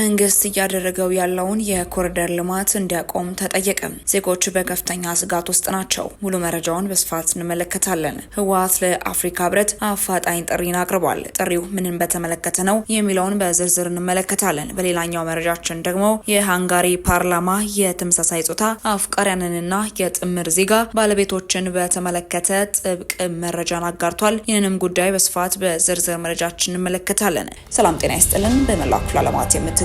መንግስት እያደረገው ያለውን የኮሪደር ልማት እንዲያቆም ተጠየቀ። ዜጎች በከፍተኛ ስጋት ውስጥ ናቸው። ሙሉ መረጃውን በስፋት እንመለከታለን። ህወሓት ለአፍሪካ ህብረት አፋጣኝ ጥሪን አቅርቧል። ጥሪው ምንን በተመለከተ ነው የሚለውን በዝርዝር እንመለከታለን። በሌላኛው መረጃችን ደግሞ የሃንጋሪ ፓርላማ የተመሳሳይ ጾታ አፍቃሪያንንና የጥምር ዜጋ ባለቤቶችን በተመለከተ ጥብቅ መረጃን አጋርቷል። ይህንንም ጉዳይ በስፋት በዝርዝር መረጃችን እንመለከታለን። ሰላም ጤና ይስጥልን በመላው ክፍለ ዓለማት የምት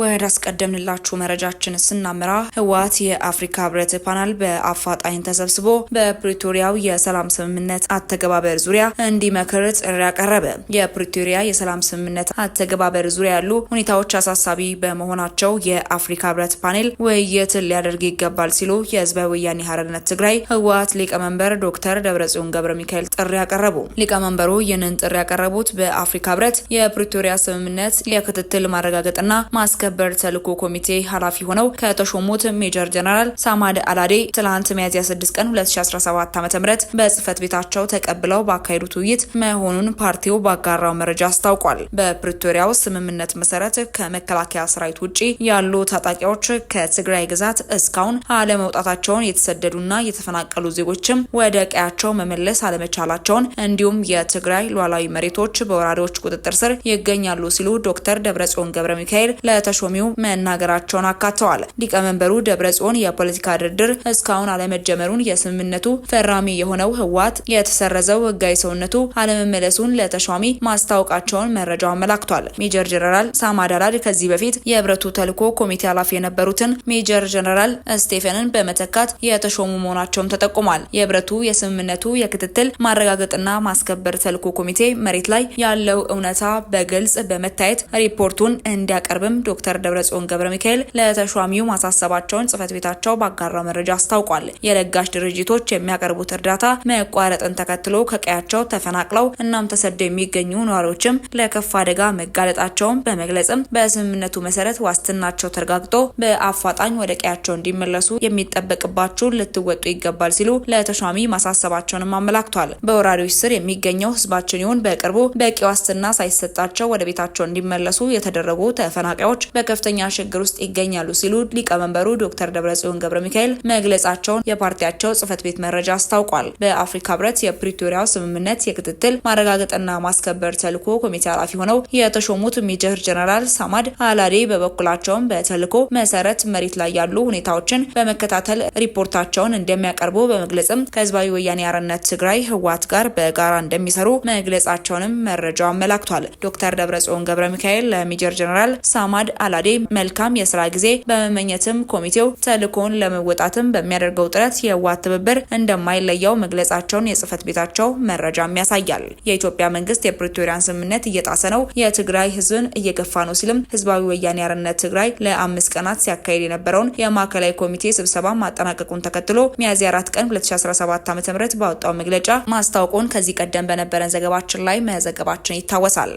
ወደ አስቀደምንላችሁ መረጃችን ስናመራ ህወሓት የአፍሪካ ህብረት ፓናል በአፋጣኝ ተሰብስቦ በፕሪቶሪያው የሰላም ስምምነት አተገባበር ዙሪያ እንዲመክር ጥሪ ያቀረበ። የፕሪቶሪያ የሰላም ስምምነት አተገባበር ዙሪያ ያሉ ሁኔታዎች አሳሳቢ በመሆናቸው የአፍሪካ ህብረት ፓኔል ውይይት ሊያደርግ ይገባል ሲሉ የህዝባዊ ወያኔ ሓርነት ትግራይ ህወሓት ሊቀመንበር ዶክተር ደብረጽዮን ገብረ ሚካኤል ጥሪ ያቀረቡ። ሊቀመንበሩ ይህንን ጥሪ ያቀረቡት በአፍሪካ ህብረት የፕሪቶሪያ ስምምነት የክትትል ማረጋገጥና ማስከ ማስከበር ተልዕኮ ኮሚቴ ኃላፊ ሆነው ከተሾሙት ሜጀር ጀነራል ሳማድ አላዴ ትላንት ሚያዝያ 6 ቀን 2017 ዓ.ም በጽህፈት ቤታቸው ተቀብለው ባካሄዱት ውይይት መሆኑን ፓርቲው ባጋራው መረጃ አስታውቋል። በፕሪቶሪያው ስምምነት መሰረት ከመከላከያ ሰራዊት ውጭ ያሉ ታጣቂዎች ከትግራይ ግዛት እስካሁን አለመውጣታቸውን የተሰደዱና የተፈናቀሉ ዜጎችም ወደ ቀያቸው መመለስ አለመቻላቸውን እንዲሁም የትግራይ ሉዓላዊ መሬቶች በወራሪዎች ቁጥጥር ስር ይገኛሉ ሲሉ ዶክተር ደብረጽዮን ገብረ ሚካኤል ለተሾ ተሾሚው መናገራቸውን አካተዋል። ሊቀመንበሩ ደብረ ጽዮን የፖለቲካ ድርድር እስካሁን አለመጀመሩን፣ የስምምነቱ ፈራሚ የሆነው ህወሓት የተሰረዘው ህጋዊ ሰውነቱ አለመመለሱን ለተሿሚ ማስታወቃቸውን መረጃው አመላክቷል። ሜጀር ጀነራል ሳማዳላድ ከዚህ በፊት የህብረቱ ተልዕኮ ኮሚቴ ኃላፊ የነበሩትን ሜጀር ጀነራል ስቴፈንን በመተካት የተሾሙ መሆናቸውም ተጠቁሟል። የህብረቱ የስምምነቱ የክትትል ማረጋገጥና ማስከበር ተልዕኮ ኮሚቴ መሬት ላይ ያለው እውነታ በግልጽ በመታየት ሪፖርቱን እንዲያቀርብም ዶክተር ደብረጽዮን ገብረ ሚካኤል ለተሿሚው ማሳሰባቸውን ጽህፈት ቤታቸው ባጋራው መረጃ አስታውቋል። የለጋሽ ድርጅቶች የሚያቀርቡት እርዳታ መቋረጥን ተከትሎ ከቀያቸው ተፈናቅለው እናም ተሰደው የሚገኙ ነዋሪዎችም ለከፍ አደጋ መጋለጣቸውን በመግለጽም በስምምነቱ መሰረት ዋስትናቸው ተረጋግጦ በአፋጣኝ ወደ ቀያቸው እንዲመለሱ የሚጠበቅባቸው ልትወጡ ይገባል ሲሉ ለተሿሚ ማሳሰባቸውንም አመላክቷል። በወራሪዎች ስር የሚገኘው ህዝባችን ይሁን በቅርቡ በቂ ዋስትና ሳይሰጣቸው ወደ ቤታቸው እንዲመለሱ የተደረጉ ተፈናቃዮች በከፍተኛ ችግር ውስጥ ይገኛሉ ሲሉ ሊቀመንበሩ ዶክተር ደብረጽዮን ገብረ ሚካኤል መግለጻቸውን የፓርቲያቸው ጽህፈት ቤት መረጃ አስታውቋል። በአፍሪካ ህብረት የፕሪቶሪያው ስምምነት የክትትል ማረጋገጥና ማስከበር ተልዕኮ ኮሚቴ ኃላፊ ሆነው የተሾሙት ሜጀር ጀነራል ሳማድ አላዴ በበኩላቸውም በተልዕኮ መሰረት መሬት ላይ ያሉ ሁኔታዎችን በመከታተል ሪፖርታቸውን እንደሚያቀርቡ በመግለጽም ከህዝባዊ ወያኔ አርነት ትግራይ ህወሓት ጋር በጋራ እንደሚሰሩ መግለጻቸውንም መረጃው አመላክቷል። ዶክተር ደብረጽዮን ገብረ ሚካኤል ለሜጀር ጀነራል ሳማድ አላዴ መልካም የስራ ጊዜ በመመኘትም ኮሚቴው ተልእኮውን ለመወጣትም በሚያደርገው ጥረት የህወሓት ትብብር እንደማይለየው መግለጻቸውን የጽህፈት ቤታቸው መረጃም ያሳያል። የኢትዮጵያ መንግስት የፕሪቶሪያን ስምምነት እየጣሰ ነው፣ የትግራይ ህዝብን እየገፋ ነው ሲልም ህዝባዊ ወያኔ ሓርነት ትግራይ ለአምስት ቀናት ሲያካሄድ የነበረውን የማዕከላዊ ኮሚቴ ስብሰባ ማጠናቀቁን ተከትሎ ሚያዝያ አራት ቀን 2017 ዓ ም ባወጣው መግለጫ ማስታወቁን ከዚህ ቀደም በነበረን ዘገባችን ላይ መዘገባችን ይታወሳል።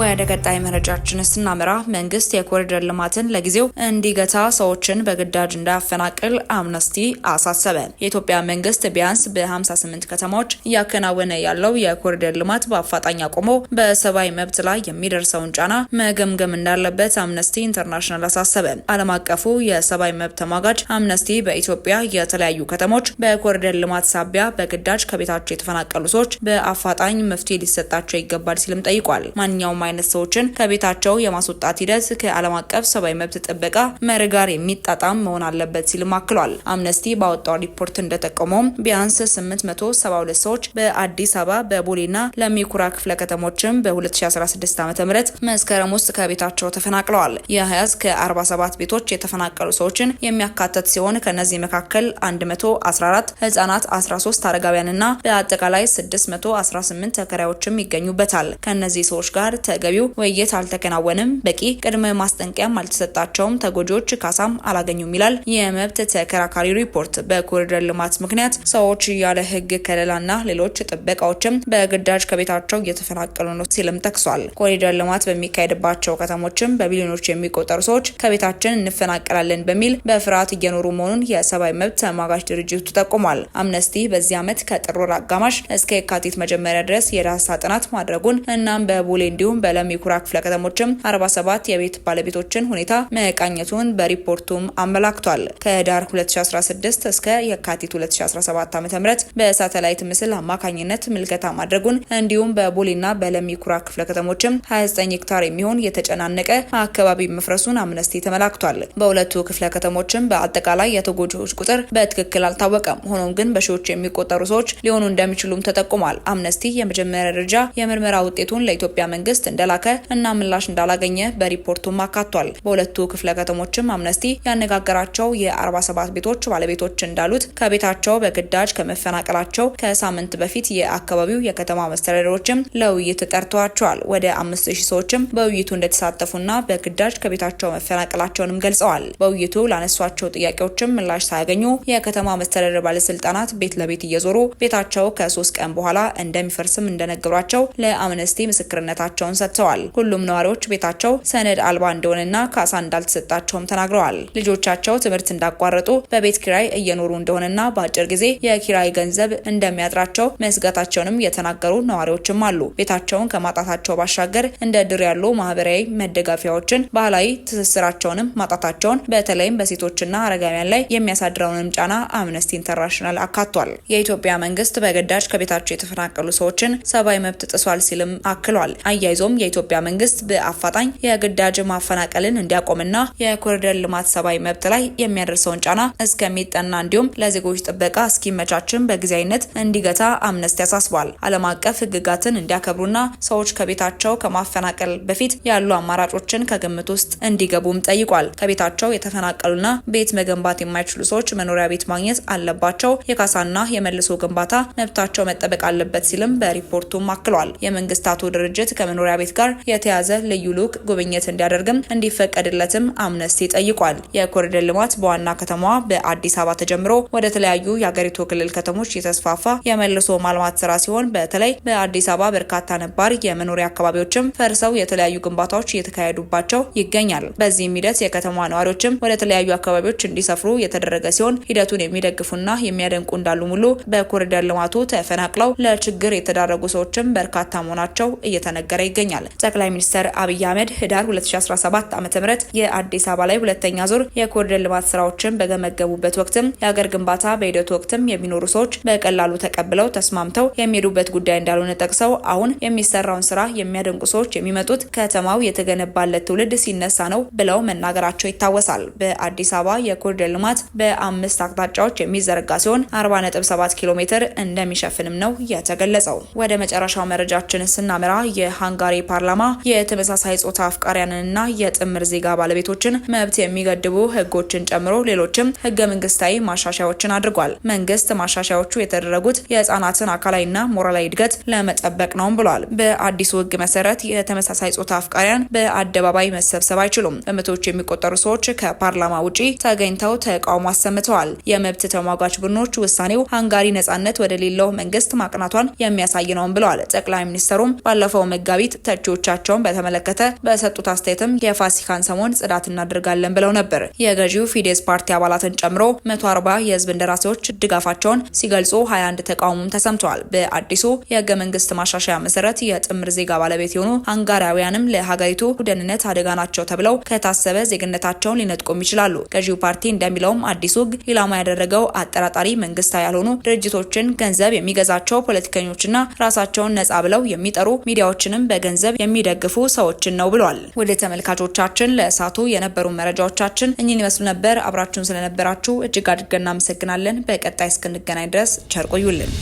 ወደ ቀጣይ መረጃችን ስናመራ መንግስት የኮሪደር ልማትን ለጊዜው እንዲገታ፣ ሰዎችን በግዳጅ እንዳያፈናቅል አምነስቲ አሳሰበ። የኢትዮጵያ መንግስት ቢያንስ በ58 ከተማዎች እያከናወነ ያለው የኮሪደር ልማት በአፋጣኝ አቁሞ በሰብአዊ መብት ላይ የሚደርሰውን ጫና መገምገም እንዳለበት አምነስቲ ኢንተርናሽናል አሳሰበ። ዓለም አቀፉ የሰብአዊ መብት ተሟጋጅ አምነስቲ በኢትዮጵያ የተለያዩ ከተሞች በኮሪደር ልማት ሳቢያ በግዳጅ ከቤታቸው የተፈናቀሉ ሰዎች በአፋጣኝ መፍትሄ ሊሰጣቸው ይገባል ሲልም ጠይቋል። ማንኛውም ማንኛውም አይነት ሰዎችን ከቤታቸው የማስወጣት ሂደት ከዓለም አቀፍ ሰብአዊ መብት ጥበቃ መርህ ጋር የሚጣጣም መሆን አለበት ሲልም አክሏል። አምነስቲ ባወጣው ሪፖርት እንደጠቆመውም ቢያንስ 872 ሰዎች በአዲስ አበባ በቦሌና ለሚኩራ ክፍለ ከተሞችም በ2016 ዓ ም መስከረም ውስጥ ከቤታቸው ተፈናቅለዋል። የሀያዝ ከ47 ቤቶች የተፈናቀሉ ሰዎችን የሚያካተት ሲሆን ከእነዚህ መካከል 114 ህጻናት፣ 13 አረጋውያንና በአጠቃላይ 618 ተከራዮችም ይገኙበታል። ከእነዚህ ሰዎች ጋር ተገቢው ውይይት አልተከናወንም፣ በቂ ቅድመ ማስጠንቀቂያም አልተሰጣቸውም፣ ተጎጂዎች ካሳም አላገኙም ይላል የመብት ተከራካሪ ሪፖርት። በኮሪደር ልማት ምክንያት ሰዎች ያለ ህግ ከለላና ሌሎች ጥበቃዎችም በግዳጅ ከቤታቸው እየተፈናቀሉ ነው ሲልም ጠቅሷል። ኮሪደር ልማት በሚካሄድባቸው ከተሞችም በቢሊዮኖች የሚቆጠሩ ሰዎች ከቤታችን እንፈናቀላለን በሚል በፍርሃት እየኖሩ መሆኑን የሰብአዊ መብት ተሟጋች ድርጅቱ ጠቁሟል። አምነስቲ በዚህ ዓመት ከጥር አጋማሽ እስከ የካቲት መጀመሪያ ድረስ የዳሰሳ ጥናት ማድረጉን እናም በቦሌ እንዲሁም በለም በለሚ ክፍለ ከተሞችም 47 የቤት ባለቤቶችን ሁኔታ መቃኘቱን በሪፖርቱም አመላክቷል። ከህዳር 2016 እስከ የካቲት 2017 ዓ.ም በሳተላይት ምስል አማካኝነት ምልከታ ማድረጉን እንዲሁም በቦሌና በለሚ ኩራ ክፍለ ከተሞችም 29 ሄክታር የሚሆን የተጨናነቀ አካባቢ መፍረሱን አምነስቲ ተመላክቷል። በሁለቱ ክፍለ ከተሞችም በአጠቃላይ የተጎጂዎች ቁጥር በትክክል አልታወቀም። ሆኖም ግን በሺዎች የሚቆጠሩ ሰዎች ሊሆኑ እንደሚችሉም ተጠቁሟል። አምነስቲ የመጀመሪያ ደረጃ የምርመራ ውጤቱን ለኢትዮጵያ መንግስት እንደላከ እና ምላሽ እንዳላገኘ በሪፖርቱም አካቷል። በሁለቱ ክፍለ ከተሞችም አምነስቲ ያነጋገራቸው የ47 ቤቶች ባለቤቶች እንዳሉት ከቤታቸው በግዳጅ ከመፈናቀላቸው ከሳምንት በፊት የአካባቢው የከተማ መስተዳደሮችም ለውይይት ጠርተዋቸዋል። ወደ አምስት ሺህ ሰዎችም በውይይቱ እንደተሳተፉና በግዳጅ ከቤታቸው መፈናቀላቸውንም ገልጸዋል። በውይይቱ ላነሷቸው ጥያቄዎችም ምላሽ ሳያገኙ የከተማ መስተዳደር ባለስልጣናት ቤት ለቤት እየዞሩ ቤታቸው ከሶስት ቀን በኋላ እንደሚፈርስም እንደነገሯቸው ለአምነስቲ ምስክርነታቸውን ሰጥተዋል። ሁሉም ነዋሪዎች ቤታቸው ሰነድ አልባ እንደሆነና ካሳ እንዳልተሰጣቸውም ተናግረዋል። ልጆቻቸው ትምህርት እንዳቋረጡ በቤት ኪራይ እየኖሩ እንደሆነና በአጭር ጊዜ የኪራይ ገንዘብ እንደሚያጥራቸው መስጋታቸውንም የተናገሩ ነዋሪዎችም አሉ። ቤታቸውን ከማጣታቸው ባሻገር እንደ ድር ያሉ ማህበራዊ መደጋፊያዎችን፣ ባህላዊ ትስስራቸውንም ማጣታቸውን በተለይም በሴቶችና አረጋውያን ላይ የሚያሳድረውንም ጫና አምነስቲ ኢንተርናሽናል አካቷል። የኢትዮጵያ መንግስት በግዳጅ ከቤታቸው የተፈናቀሉ ሰዎችን ሰብአዊ መብት ጥሷል ሲልም አክሏል። አያይዞም አክለውም የኢትዮጵያ መንግስት በአፋጣኝ የግዳጅ ማፈናቀልን እንዲያቆምና የኮሪደር ልማት ሰብአዊ መብት ላይ የሚያደርሰውን ጫና እስከሚጠና እንዲሁም ለዜጎች ጥበቃ እስኪመቻችን በጊዜያዊነት እንዲገታ አምነስቲ አሳስቧል። ዓለም አቀፍ ህግጋትን እንዲያከብሩና ሰዎች ከቤታቸው ከማፈናቀል በፊት ያሉ አማራጮችን ከግምት ውስጥ እንዲገቡም ጠይቋል። ከቤታቸው የተፈናቀሉና ቤት መገንባት የማይችሉ ሰዎች መኖሪያ ቤት ማግኘት አለባቸው። የካሳና የመልሶ ግንባታ መብታቸው መጠበቅ አለበት ሲልም በሪፖርቱም አክሏል። የመንግስታቱ ድርጅት ከመኖሪያ ቤት ጋር የተያዘ ልዩ ልዑክ ጉብኝት እንዲያደርግም እንዲፈቀድለትም አምነስቲ ጠይቋል። የኮሪደር ልማት በዋና ከተማዋ በአዲስ አበባ ተጀምሮ ወደ ተለያዩ የአገሪቱ ክልል ከተሞች የተስፋፋ የመልሶ ማልማት ስራ ሲሆን በተለይ በአዲስ አበባ በርካታ ነባር የመኖሪያ አካባቢዎችም ፈርሰው የተለያዩ ግንባታዎች እየተካሄዱባቸው ይገኛል። በዚህም ሂደት የከተማ ነዋሪዎችም ወደ ተለያዩ አካባቢዎች እንዲሰፍሩ የተደረገ ሲሆን ሂደቱን የሚደግፉና የሚያደንቁ እንዳሉ ሙሉ በኮሪደር ልማቱ ተፈናቅለው ለችግር የተዳረጉ ሰዎችም በርካታ መሆናቸው እየተነገረ ይገኛል። ይገኛል። ጠቅላይ ሚኒስትር አብይ አህመድ ህዳር 2017 ዓ ም የአዲስ አበባ ላይ ሁለተኛ ዙር የኮሪደር ልማት ስራዎችን በገመገቡበት ወቅትም የሀገር ግንባታ በሂደቱ ወቅትም የሚኖሩ ሰዎች በቀላሉ ተቀብለው ተስማምተው የሚሄዱበት ጉዳይ እንዳልሆነ ጠቅሰው አሁን የሚሰራውን ስራ የሚያደንቁ ሰዎች የሚመጡት ከተማው የተገነባለት ትውልድ ሲነሳ ነው ብለው መናገራቸው ይታወሳል። በአዲስ አበባ የኮሪደር ልማት በአምስት አቅጣጫዎች የሚዘረጋ ሲሆን 47 ኪሎ ሜትር እንደሚሸፍንም ነው የተገለጸው። ወደ መጨረሻው መረጃችን ስናመራ የሃንጋሪ ዛሬ ፓርላማ የተመሳሳይ ጾታ አፍቃሪያንንና የጥምር ዜጋ ባለቤቶችን መብት የሚገድቡ ህጎችን ጨምሮ ሌሎችም ህገ መንግስታዊ ማሻሻያዎችን አድርጓል። መንግስት ማሻሻያዎቹ የተደረጉት የህጻናትን አካላዊና ሞራላዊ እድገት ለመጠበቅ ነውም ብሏል። በአዲሱ ህግ መሰረት የተመሳሳይ ጾታ አፍቃሪያን በአደባባይ መሰብሰብ አይችሉም። በመቶዎች የሚቆጠሩ ሰዎች ከፓርላማ ውጪ ተገኝተው ተቃውሞ አሰምተዋል። የመብት ተሟጋች ቡድኖች ውሳኔው ሃንጋሪ ነጻነት ወደሌለው መንግስት ማቅናቷን የሚያሳይ ነውም ብለዋል። ጠቅላይ ሚኒስትሩም ባለፈው መጋቢት ተቺዎቻቸውን በተመለከተ በሰጡት አስተያየትም የፋሲካን ሰሞን ጽዳት እናደርጋለን ብለው ነበር። የገዢው ፊዴስ ፓርቲ አባላትን ጨምሮ 140 የህዝብ እንደራሴዎች ድጋፋቸውን ሲገልጹ 21 ተቃውሞም ተሰምተዋል። በአዲሱ የህገ መንግስት ማሻሻያ መሰረት የጥምር ዜጋ ባለቤት የሆኑ አንጋራውያንም ለሀገሪቱ ደህንነት አደጋ ናቸው ተብለው ከታሰበ ዜግነታቸውን ሊነጥቁም ይችላሉ። ገዢው ፓርቲ እንደሚለውም አዲሱ ህግ ኢላማ ያደረገው አጠራጣሪ መንግስታዊ ያልሆኑ ድርጅቶችን፣ ገንዘብ የሚገዛቸው ፖለቲከኞችና ራሳቸውን ነጻ ብለው የሚጠሩ ሚዲያዎችንም በገ በገንዘብ የሚደግፉ ሰዎችን ነው ብሏል። ወደ ተመልካቾቻችን ለእሳቱ የነበሩ መረጃዎቻችን እኚህን ይመስሉ ነበር። አብራችሁን ስለነበራችሁ እጅግ አድርገን እናመሰግናለን። በቀጣይ እስክንገናኝ ድረስ ቸር ቆዩልን።